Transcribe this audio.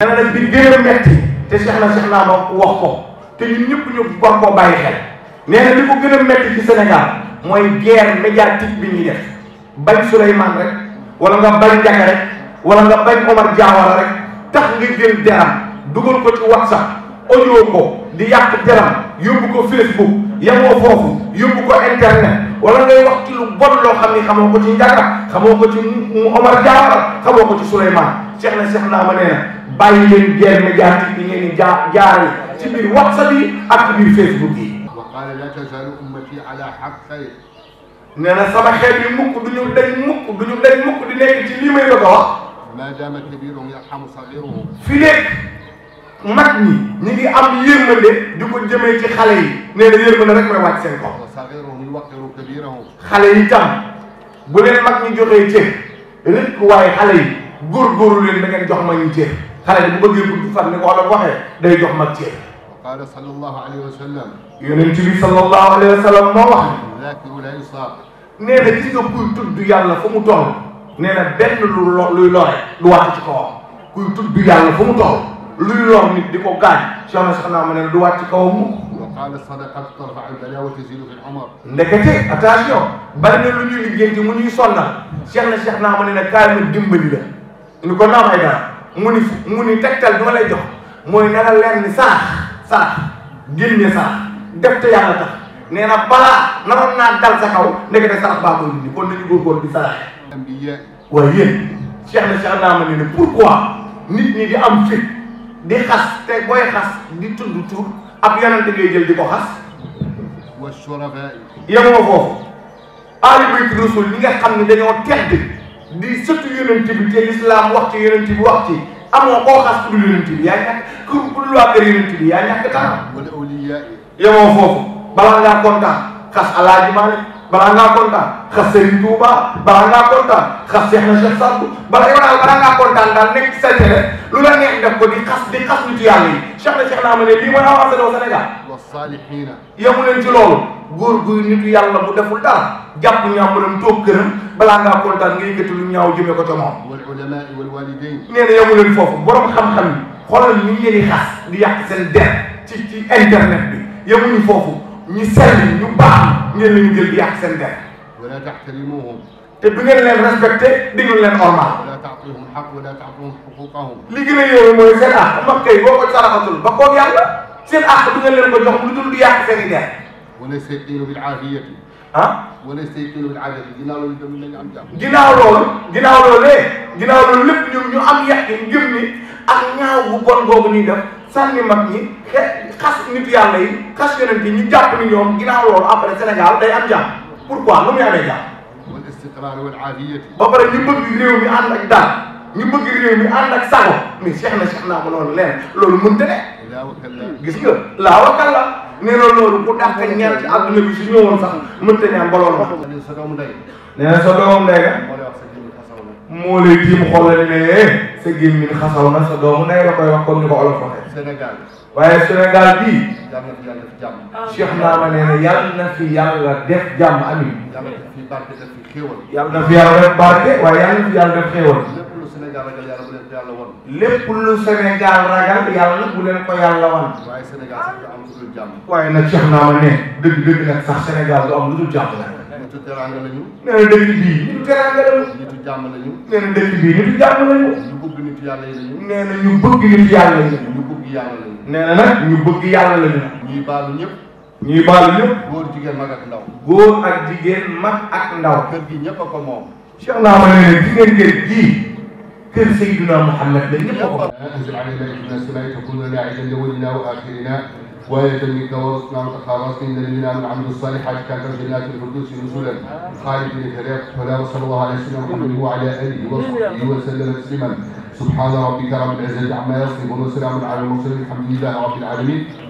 dana nag bi gën a metti te Cheikh na Cheikh naa ma wax ko te ñun ñëpp ñu war koo bàyyi xel nee na li ko gën a metti ci Sénégal mooy guerre médiatique bi ñuy def bañ Souleymane rek wala nga bañ Diack rek wala nga bañ Omar Diawara rek tax nga jël deram dugal ko ci WhatsApp audio ko di yàq deram yóbbu ko Facebook yemoo foofu yóbbu ko internet wala ngay wax ci lu bon loo xam ni xamoo ko ci Ndiaga xamoo ko ci Omar Jaafar na Cheikh ma nee na bàyyi leen guerre médiatique yi ngeen di jaar jaaree ci biir WhatsApp yi ak ci biir Facebook yi. wa qaala laa tazaalu ummatii alaa xaqay. nee na sama xeet yi mukk du ñu dañ mukk du ñu dañ mukk di nekk ci lii may bëgg a wax. maa daama kabiiruhum yarhamu sagiiruhum. xale yi nee na yërmande rek may wàcc seen xale yi tam bu leen mag ñu joxee cër rek waaye xale yi góorgóorlu leen da ngeen jox ma ñu cër xale yi bu bëggee gudd fan ni ko wala waxee day jox mag cër. qaala sallallahu alayhi wa sallam. yonent bi sallallahu alayhi wa sallam moo wax. zaakiru la yusaab. nee na ci nga kuy tudd yàlla fa mu toll. nee na benn lu lo luy lore lu wàcc ci kawam kuy tudd yàlla fa mu toll luy lor nit di ko gaañ. soxna soxna ma ne du wàcc ci kawam mu. qaala sadaqat tarfa al bala wa tazilu fi al-umar ndekete attention bari na lu ñuy liggéeyanti mu ñuy sonnal cheikh na cheikh naa ne dimbali la ñu ko naam ay dara mu ni mu ni tegtal bi jox mooy na la leer ni sarax sarax génne sarax def te yàlla tax nee na balaa naroon naa dal sa kaw ndekete sarax baa koy dindi kon nañu góorgóorlu di sarax waaye yéen na cheikh naa ma ne ne pourquoi nit ñi di am fit di xas te booy xas di tudd tur ab yonente ngay jël di ko xas yemoo foofu aali bayt rasul nga xam ne dañoo tedd di sëtu yonente bi te lislaam wax ci yonente bi wax ci amoo koo xas ku dul yonente bi yaa ñàkk ku ku xas alaaji Maalik balaa ngaa kontaan xas Serigne Touba balaa ngaa kontaan xas Cheikh na Cheikh Sadou balaa yow daal balaa ngaa kontaan daal nekk ci sa télé eh. lu la neex def ko di xas di xas nitu yàlla yi Cheikh na Cheikh naa ma ne lii mooy avancé doo Sénégal yemu leen ci loolu góor guy nitu yàlla bu deful dara jàpp ñàmbaram toog këram balaa ngaa kontaan nga yëkkati lu ñaaw jëmee ko ca moom nee na yemu leen foofu borom xam-xam yi xoolal ni ngeen di xas di yàq seen der ci ci internet bi yemuñu foofu ñu sell ñu baax ngeen leen jël di yàq seen der. wala taxtarimuhum te du ngeen leen respecté di ngeen leen ormaal. wala taatihum xaq wala taatihum xuquqahum li gën a yéeme mooy seen àq mag tey boo ko saraxatul ba koog yàlla seen àq du ngeen leen ko jox lu dul di yàq seen i der. wala saytinu bil aafiyati ah wala saytinu bil aafiyati ginnaaw loolu tamit lañu am jàmm. ginnaaw loolu ginnaaw loolee ginnaaw loolu lépp ñoom ñu am yàq ngëm ni ak ñaaw bu bon boobu ñuy def. sànni mag ñi xe xas nit yàlla yi xas yonent yi ñu jàpp ni ñoom ginnaaw loolu après Sénégal day am jàmm pourquoi lu muy amee jàmm. wal istiqraar wal aafiyya. ba pare ñu mi ànd ak dal ñu bëgg réew mi ànd ak sago mais seex na seex naa ma loolu leneen loolu mënta ne. gis nga laa wakal la nee na loolu bu dàq ñeent ci àdduna bi su ñëwoon sax mënta ne am ba loolu. nee na sa doomam ndey ga. moo lay tiim xoolal ne eh, sa gémmiñ xasaw na sa doomu nay la koy wax comme ni olof waxee. Sénégal waaye Sénégal bii. yàlla na fi yàlla def jàmm. fi yàlla def jàmm amiin. yàlla na fi fi xéewal. yàlla na fi yàlla def barke fi yàlla def xéewal. lépp lu Sénégal ragal yàlla bu leen ko yàlla wan. lépp lu Sénégal ragal yàlla bu leen ko yàlla wan. waaye Sénégal sax du am lu dul jàmm. waaye nag nitu teraanga lañu. nee na dëkk bii nitu teraanga lañu. nitu jàmm lañu. nee na dëkk bii nitu jàmm lañu. ñu bëgg nitu yàlla yi lañu. nee na ñu bëgg nitu yàlla yi. ñu bëgg yàlla lañu. nee na nag ñu bëgg yàlla lañu. ñuy baalu ñëpp. ñuy baalu ñëpp. góor jigéen mag ak ndaw. góor ak jigéen mag ak ndaw. kër gi ñëpp a ko moom. Cheikh Ndao ma ne leen jigéen kër gii. كيف سيدنا محمد بن يبقى أنزل علينا من السماء تكون داعيا لولنا وآخرنا وآية منك ورثنا وتخارصنا لنا من عمل الصالحات كانت جنات الفردوس خالد بن فيها فلا وصلى الله على سيدنا محمد وعلى آله وصحبه وسلم تسليما سبحان ربك رب العزة عما يصفون وسلام على المرسلين الحمد لله رب العالمين